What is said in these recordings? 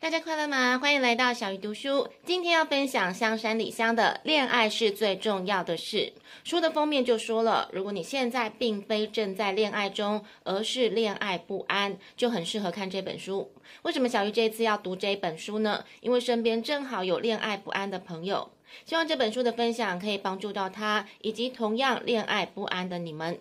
大家快樂嗎？歡迎來到小魚讀書。今天要分享香山理香的《戀愛是最重要的事》。書的封面就說了，如果你現在並非正在戀愛中，而是戀愛不安，就很適合看這本書。為什麼小魚這一次要讀這本書呢？因為身邊正好有戀愛不安的朋友，希望這本書的分享可以幫助到他，以及同樣戀愛不安的你們。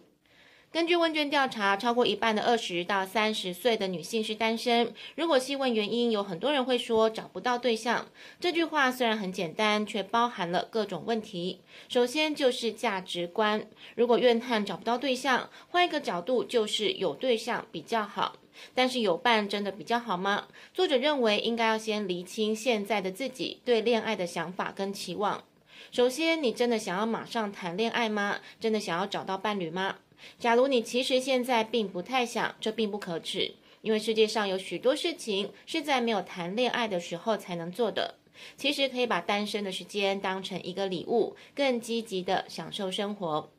根據問卷調查，超過一半的二十到三十歲的女性是單身。如果細問原因，有很多人會說找不到對象。這句話雖然很簡單，卻包含了各種問題。首先就是價值觀。如果怨恨找不到對象，換一個角度就是有對象比較好。但是有伴真的比較好嗎？作者認為應該要先釐清現在的自己對戀愛的想法跟期望。首先，你真的想要馬上談戀愛嗎？真的想要找到伴侶嗎？假如你其實現在並不太想，這並不可恥，因為世界上有許多事情是在沒有談戀愛的時候才能做的。其實可以把單身的時間當成一個禮物，更積極的享受生活。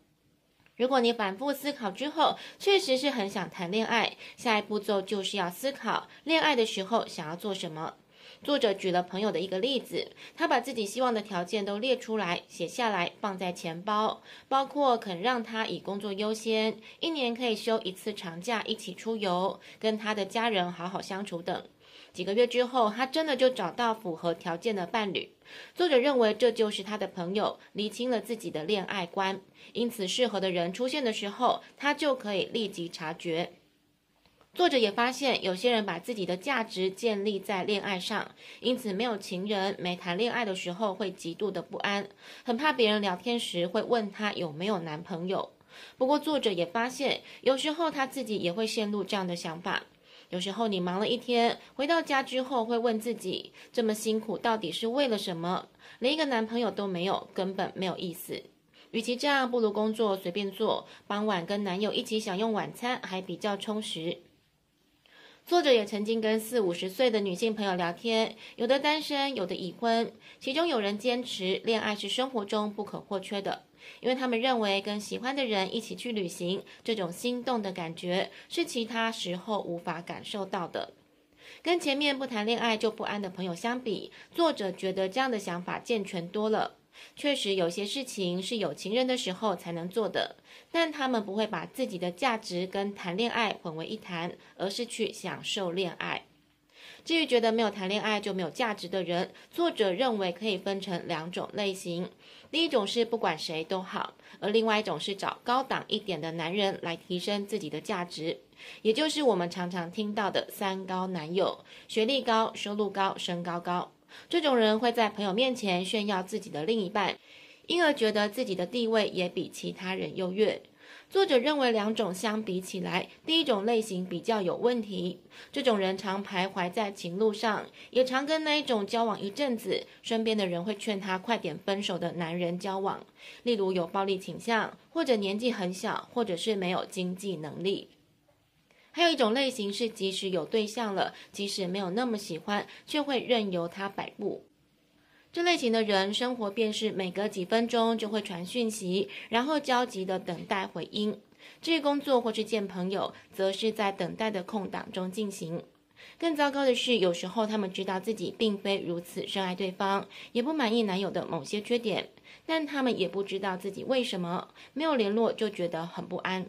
如果你反覆思考之後，確實是很想談戀愛，下一步驟就是要思考戀愛的時候想要做什麼。作者舉了朋友的一個例子，他把自己希望的條件都列出來寫下來，放在錢包，包括肯讓他以工作優先，一年可以休一次長假一起出遊，跟他的家人好好相處等。幾個月之後，他真的就找到符合條件的伴侶。作者認為這就是他的朋友理清了自己的戀愛觀，因此適合的人出現的時候，他就可以立即察覺。作者也發現，有些人把自己的價值建立在戀愛上，因此沒有情人、沒談戀愛的時候會極度的不安，很怕別人聊天時會問他有沒有男朋友。不過，作者也發現，有時候他自己也會陷入這樣的想法。有時候你忙了一天，回到家之後會問自己：這麼辛苦到底是為了什麼？連一個男朋友都沒有，根本沒有意思。與其這樣，不如工作隨便做，傍晚跟男友一起享用晚餐，還比較充實。作者也曾經跟四五十歲的女性朋友聊天，有的單身，有的已婚，其中有人堅持戀愛是生活中不可或缺的，因為他們認為跟喜歡的人一起去旅行，這種心動的感覺是其他時候無法感受到的。跟前面不談戀愛就不安的朋友相比，作者覺得這樣的想法健全多了。確實有些事情是有情人的時候才能做的，但他們不會把自己的價值跟談戀愛混為一談，而是去享受戀愛。至於覺得沒有談戀愛就沒有價值的人，作者認為可以分成兩種類型：第一種是不管誰都好，而另外一種是找高檔一點的男人來提升自己的價值，也就是我們常常聽到的“三高男友”——學歷高、收入高、身高高。這種人會在朋友面前炫耀自己的另一半，因而覺得自己的地位也比其他人優越。作者認為兩種相比起來，第一種類型比較有問題。這種人常徘徊在情路上，也常跟那一種交往一陣子，身邊的人會勸他快點分手的男人交往，例如有暴力傾向，或者年紀很小，或者是沒有經濟能力。還有一種類型是，即使有對象了，即使沒有那麼喜歡，卻會任由他擺布。這類型的人，生活便是每隔幾分鐘就會傳訊息，然後焦急地等待回音。至於工作或是見朋友，則是在等待的空檔中進行。更糟糕的是，有時候他們知道自己並非如此深愛對方，也不滿意男友的某些缺點，但他們也不知道自己為什麼沒有聯絡就覺得很不安。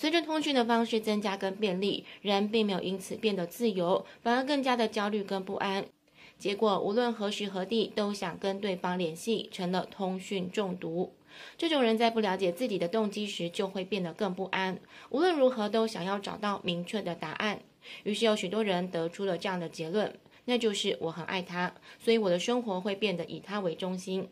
隨着通訊的方式增加跟便利，人並沒有因此變得自由，反而更加的焦慮跟不安。結果，無論何時何地都想跟對方聯繫，成了通訊中毒。這種人在不了解自己的動機時，就會變得更不安。無論如何，都想要找到明確的答案。於是，有許多人得出了這樣的結論：那就是我很愛他，所以我的生活會變得以他為中心。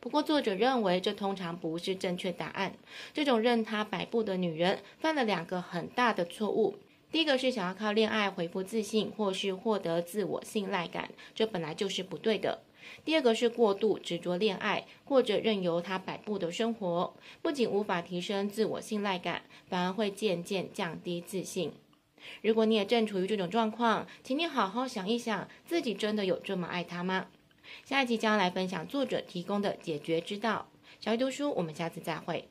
不過，作者認為這通常不是正確答案。這種任他擺佈的女人犯了兩個很大的錯誤：第一個是想要靠戀愛恢復自信，或是獲得自我信賴感，這本來就是不對的；第二個是過度執着戀愛，或者任由他擺佈的生活，不僅無法提升自我信賴感，反而會漸漸降低自信。如果你也正處於這種狀況，請你好好想一想，自己真的有這麼愛他嗎？下一期將來分享作者提供的解決之道。小魚讀書，我們下次再會。